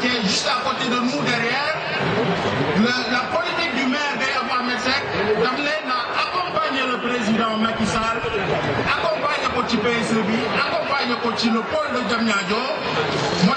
qui est juste à côté de nous derrière, la politique du maire de Abamesek, d'amener à accompagner le président Macky Sall, accompagner le PSB, accompagner le pôle de Diamniadio, moi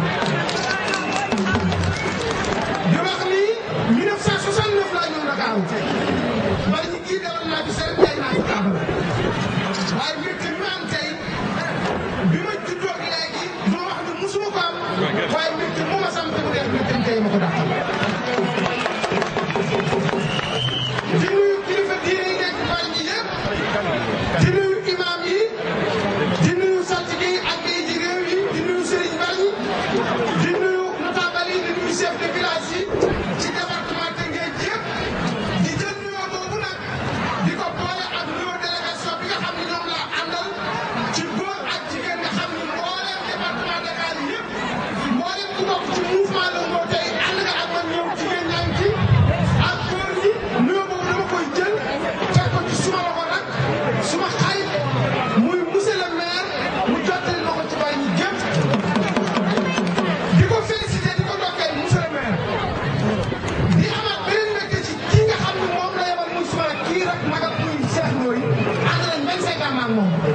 mo.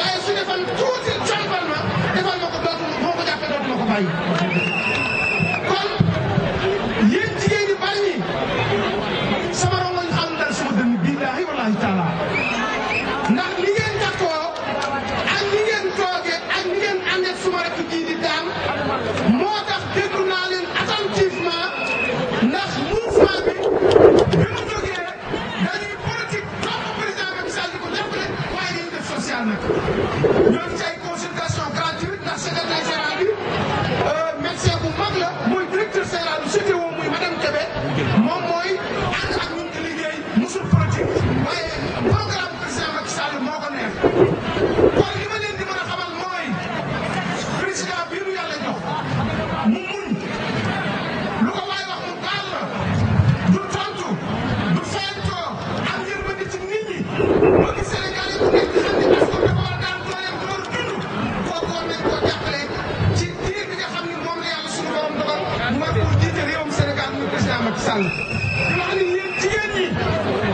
waaye su defal tuuti col bal ma defal ma ko dootu moo ko jàppe dootu ma ko bàyyi 哪里人？接你。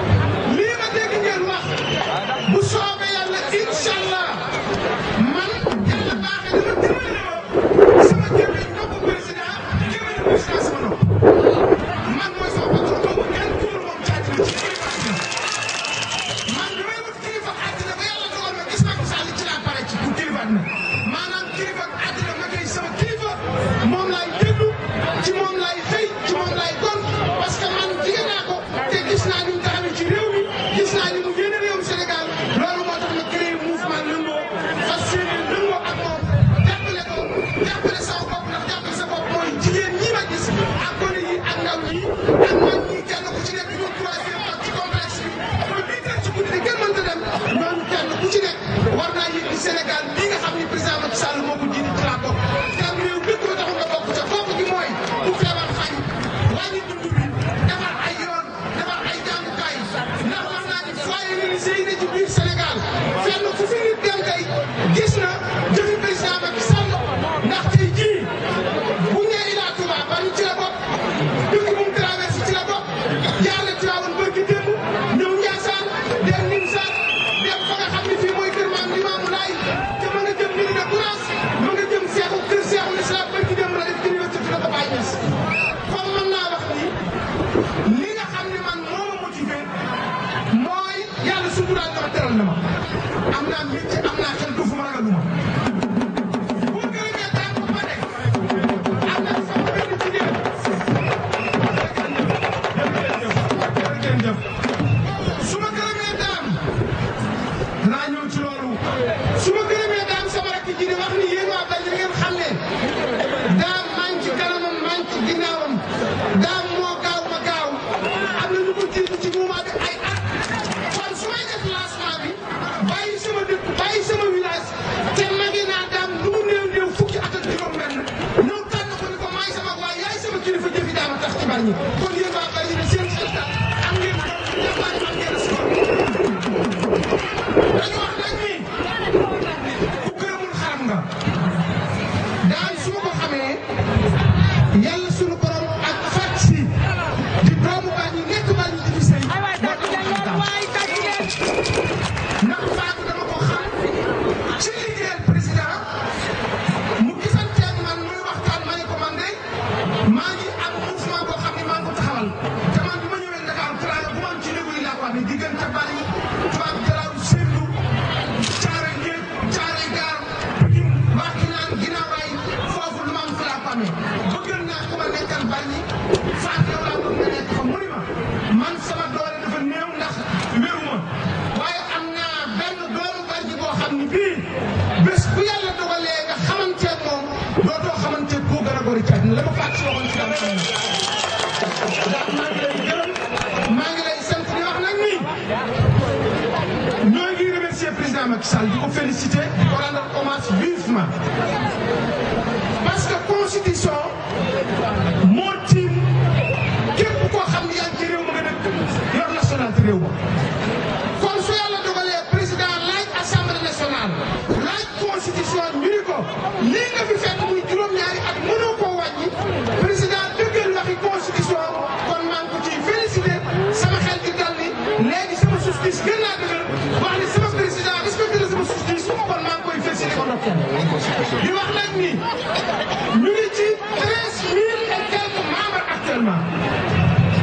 actuellement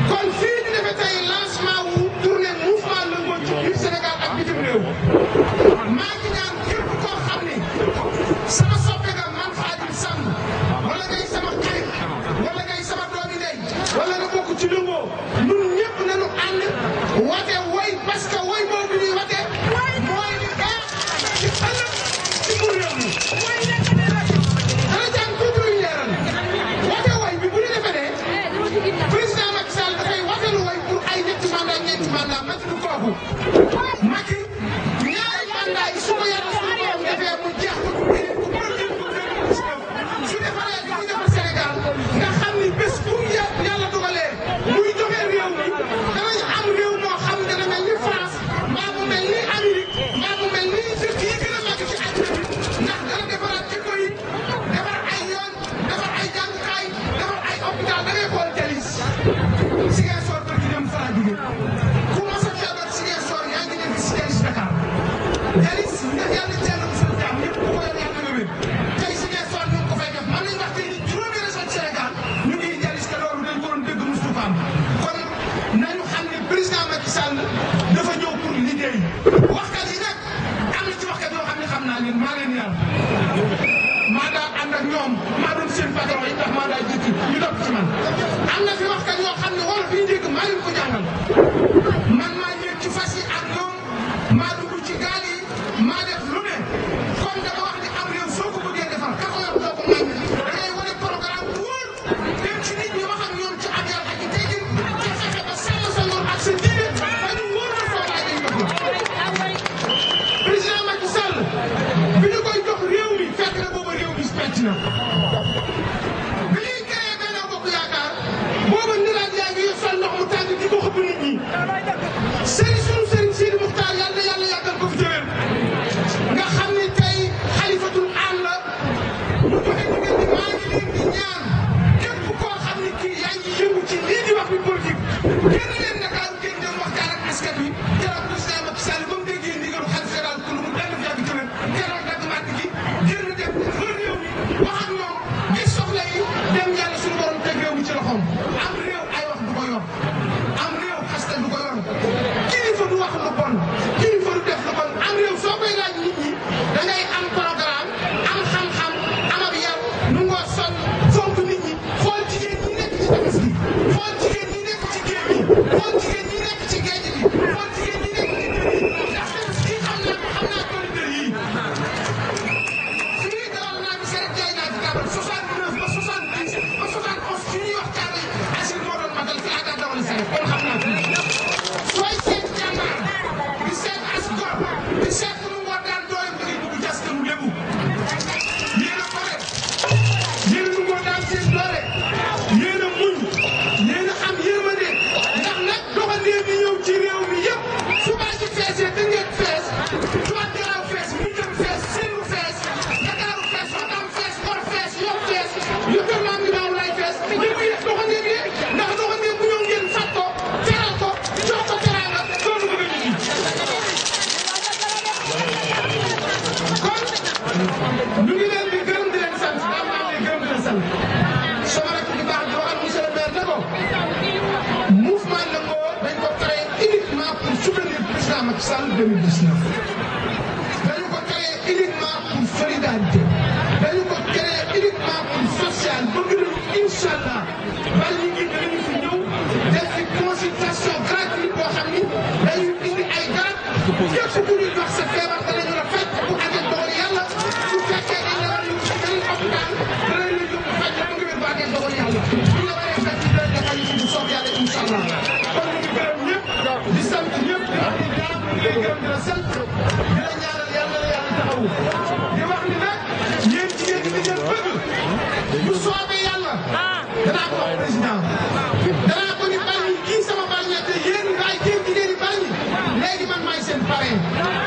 kon fii ñu defee tey lancement wu tournée mouvement lëngoo ci biir Sénégal ak bitim réew Levanta o ¡Que no Futuri par sa feebar Christian Paris.